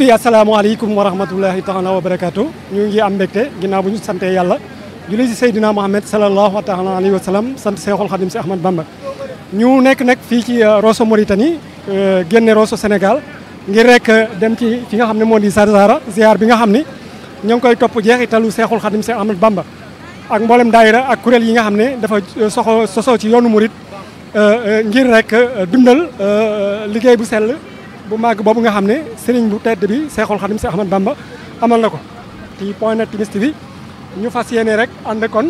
mbokk assalamu alaykum wa rahmatullahi taala wa barakatuh ñu ngi am mbekté ginnaaw bu ñu sante yàlla julli si Seydina taala alayhi wa sallam cheikhul khadim cheikh Ahmad Bamba ñu nek nek fi ci euh, Rosso Mauritanie euh, génné Rosso Sénégal ngir rek euh, dem ci fi nga xamné ne moo di Sarsara ziar bi nga xamné ngi koy Ahmad Bamba ak mbollem daayira ak kurel yi nga xamné dafa soxo soso ci yoonu euh ngir rek dundal liggéey bu sel bu mag bobu nga xamne serigne bu tedd bi cheikhul khadim cheikh Ahmad Bamba amal nako ci point net timis bi ñu fas rek ànd kon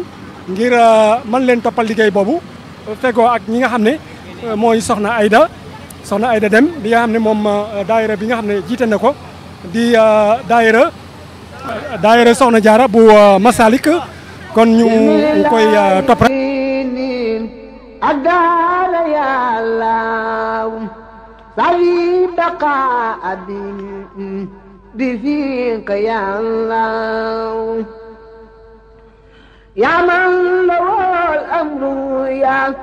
ngir euh, man leen topal liggéey bobu fego ak ñi nga xamne euh, moy soxna aida soxna aida Dem bi nga xamne mom euh, daaira bi nga xamne jité nako na di daaira daaira soxna jaara bu Masalik kon ñu koy top rek adala ya allah سري طيب بقاء بفيق يا الله يا من له الأمر يا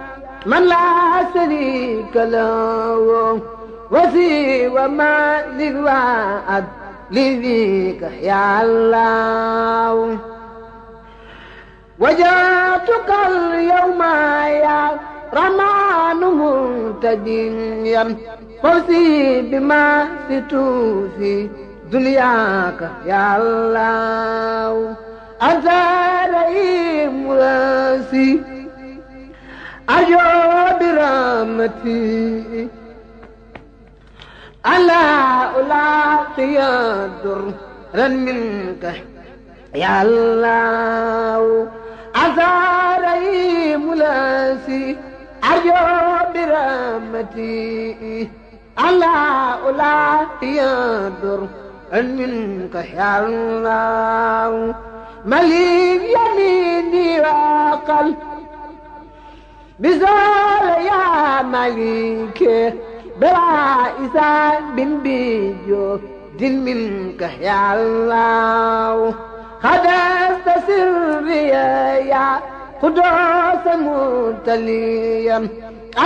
من لا شريك له وسوى ما للوعد لذيك يا الله وجاتك اليوم يا رمان منتديا فوزي بما ستوفي دنياك يا الله أنت رئيم راسي أجو برحمتي ألا ألاقي رن منك يا الله أي ملاسي أجو برامتي على أولا يدر أن منك يا الله مليم يميني وقل بزول يا مليك بلا إسان بن بيجو دين منك يا الله خدس سري يا قدوس متليم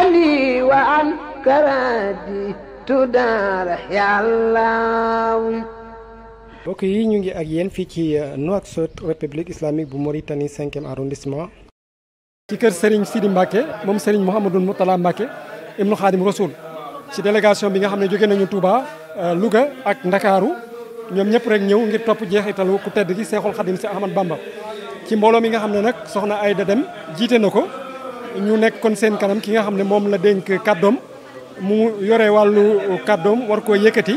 أني وأنت karaadi tudaara yàllaaw ñu ngi ak yéen fii ci euh, Nouakchott république islamique bu Mauritanie cinquième arrondissement. ci kër Serigne Sidi Mbacke moom sëriñ Mouhamadou Moutala Mbacke ibnu Xaadim Rasul ci délégation bi nga xam ne jóge nañu Touba euh, Louga ak Ndakaaru ñoom ñëpp rek ñëw ngir topp jeexitalu ku tedd gi Seexul Xaadim si Ahmad Bamba. ci mbooloo mi nga xam ne nag soxna Ayda Dem jiite na ko ñu nekk kon seen kanam ki nga xam ne moom la dénk kàddoom. mu yore wàllu kàddoom war koo yëkkati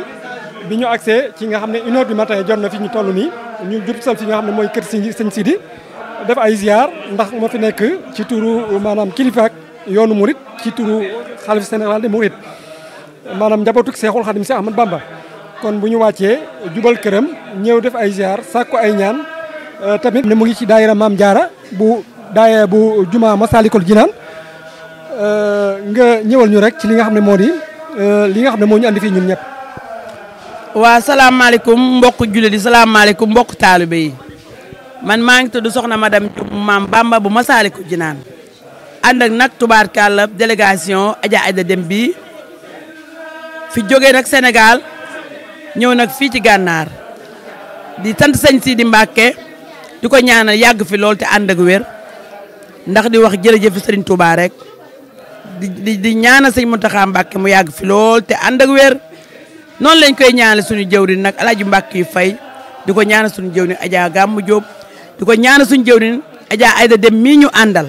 bi ñu agsee ci nga xam ne une heure du jot na fi ñu toll nii ñu jub sal fi nga xam ne mooy kër sëñ di def ay ziar ndax moo fi nekk ci turu maanaam kilifaak yoonu murit ci turu xalif général de murit maanaam njabootuk seexul xadim si Ahmad Bamba kon bu ñu wàccee jubal këram ñëw def ay ziar sàkku ay ñaan euh, tamit ne mu ngi ci daayira Maam Jaara bu daayira bu jumaa Masalikul Jinaan Euh, nga ñëwal ñu rek ci li nga xam ne moo di euh, li nga xam ne moo ñu andi fii ñun ñëpp waa salaamaaleykum mbokk jullit yi salaamaaleykum mbokk taalibe man maa ngi tudd soxna madame Diouf maam Bamba bu Masaliku Jinaan ànd ak nag tubaarkàlla délégation Adja Aida Dem bi fi jógee nag Sénégal ñëw nag fii ci gànnaar di sant sëñ Sidi Mbàkke di ko ñaanal yàgg fi lool te ànd ak wér ndax di wax jërëjëf Serigne Touba rek di di ñaanal sëñ Mountakha Mbacké mu yàgg fi lool te ànd ak wér noonu lañ koy ñaanal suñu jëwriñ nag alaaji Mbacké yu fay di ko ñaanal suñu jëwriñ Adja Gammu Diop di ko ñaanal suñu jëwriñ Adja Aïda Dem mii ñu àndal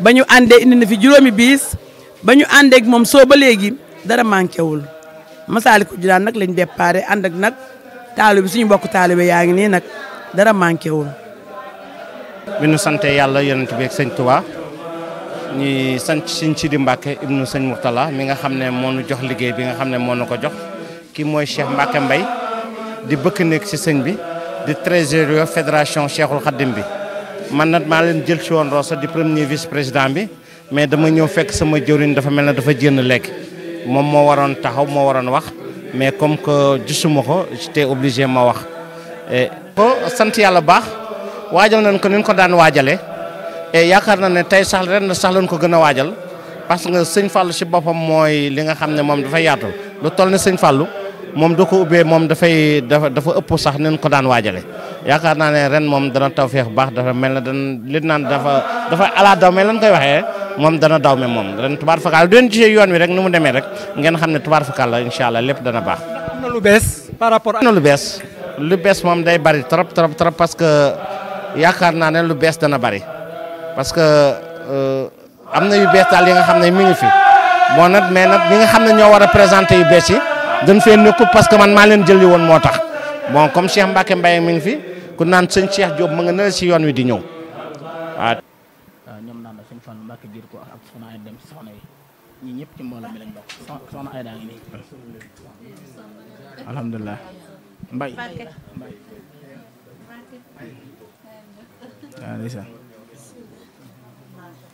ba ñu àndee indi na fi juróomi biis ba ñu àndee moom soo ba léegi dara manqué wul Masaalikul Jinaan nag lañ déparé ànd ak nag taalibe suñu mbokk taalibe yaa ngi nii nag dara manqué wul. bi yàlla yonent bi ak sëñ ñi sant Serigne di Mbacké ibnu San Murtala, mi nga xamne ne nu jox liggéey bi nga xamne ne moo nu ko jox ki moy Cheikh Mbacké mbay di bëkk nek ci sëñ bi di trésorier fédération Cheikhul Khadim bi man nat ma leen jël ci di premier vice président bi mais dama ñew fekk sama jëwriñ dafa melni dafa génn lek mom mo waron taxaw mo waron wax mais comme que ko j'étais obligé ma wax ko sant yalla bax wajal nañ ko ni wajale. ko daan Eh, yaakaar na ne tey sax ren sax lañ ko gën a waajal parce que sëñ Fallou si boppam mooy li nga xam ne moom dafay yaatu lu toll ne sëñ Fallou moom du ko ubbee moom dafay dafa dafa ëpp sax nañ ko daan waajale yaakaar naa ne ren moom dana taw feex bu baax dafa mel ne dan li naan dafa dafa ala daw me lan koy waxee moom dana daw me moom ren tubaar fakal doon ci yoon wi rek nu mu demee rek ngeen xam ne tubaar fakal la incha allah lépp dana baax. am par rapport am na lu bees lu bees moom day bari trop trop trop parce que yaakaar naa ne lu bees dana bari. parce que euh, am na yu bees daal yi nga xam ne mi ngi fi moo nag mais nag ñi nga xam ne ñoo war a présenté yu bees yi dañ fee nekkul parce que man maa leen jëli woon moo tax bon comme Cheikh Mbacke Mbaye mi ngi fi ku naan sëñ Cheikh Diop ma nga ne si yoon wi di ñëw waaw. Ah, ñoom naan sëñ Fallou Mbacke jir ko ak soxna ay dem si soxna yi ñii ñëpp ci mbooloo mi lañ soxna ay daa ngi nii. alhamdulilah Mbaye.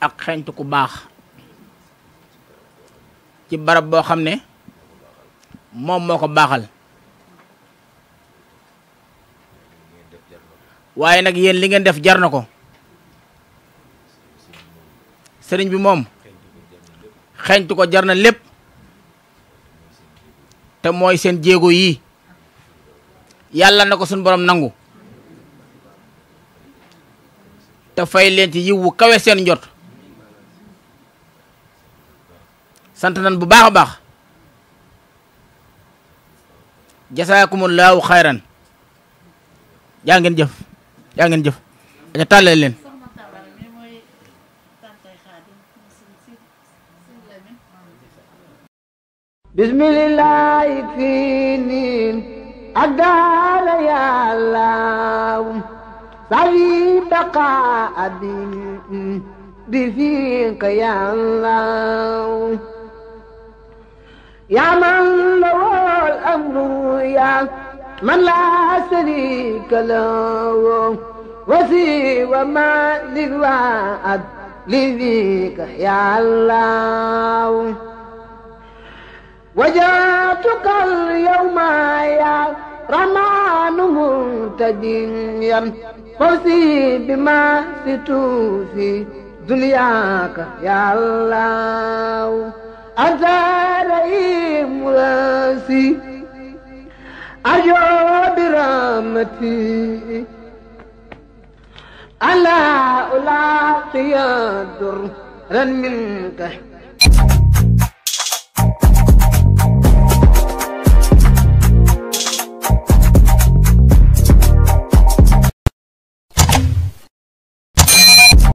ak xeñtu ku baax ci barab bo xamné ne moko baxal ko nak yeen li ngeen def jarnako na bi mom xeñtu ko jarna lepp te seen jéego yi yalla nako sun borom nangu te fay len ci yiwu kawé sen njott sant nan bu baax a baax jasaakumullaahu xayran yaa ngeen jëf yaa ngeen jëf leen bismillahi fiinin ak daala yàllaw safi baqa abin bi fiinka yàllaw يا من له الأمر يا من لا شريك له وسيب ما للوعد لذيك يا الله وجاتك اليوم يا رمان منتديا فوسي بما ستوفي دنياك يا الله أزاري راسي أجو برامتي ألا ألاقي الدر من منك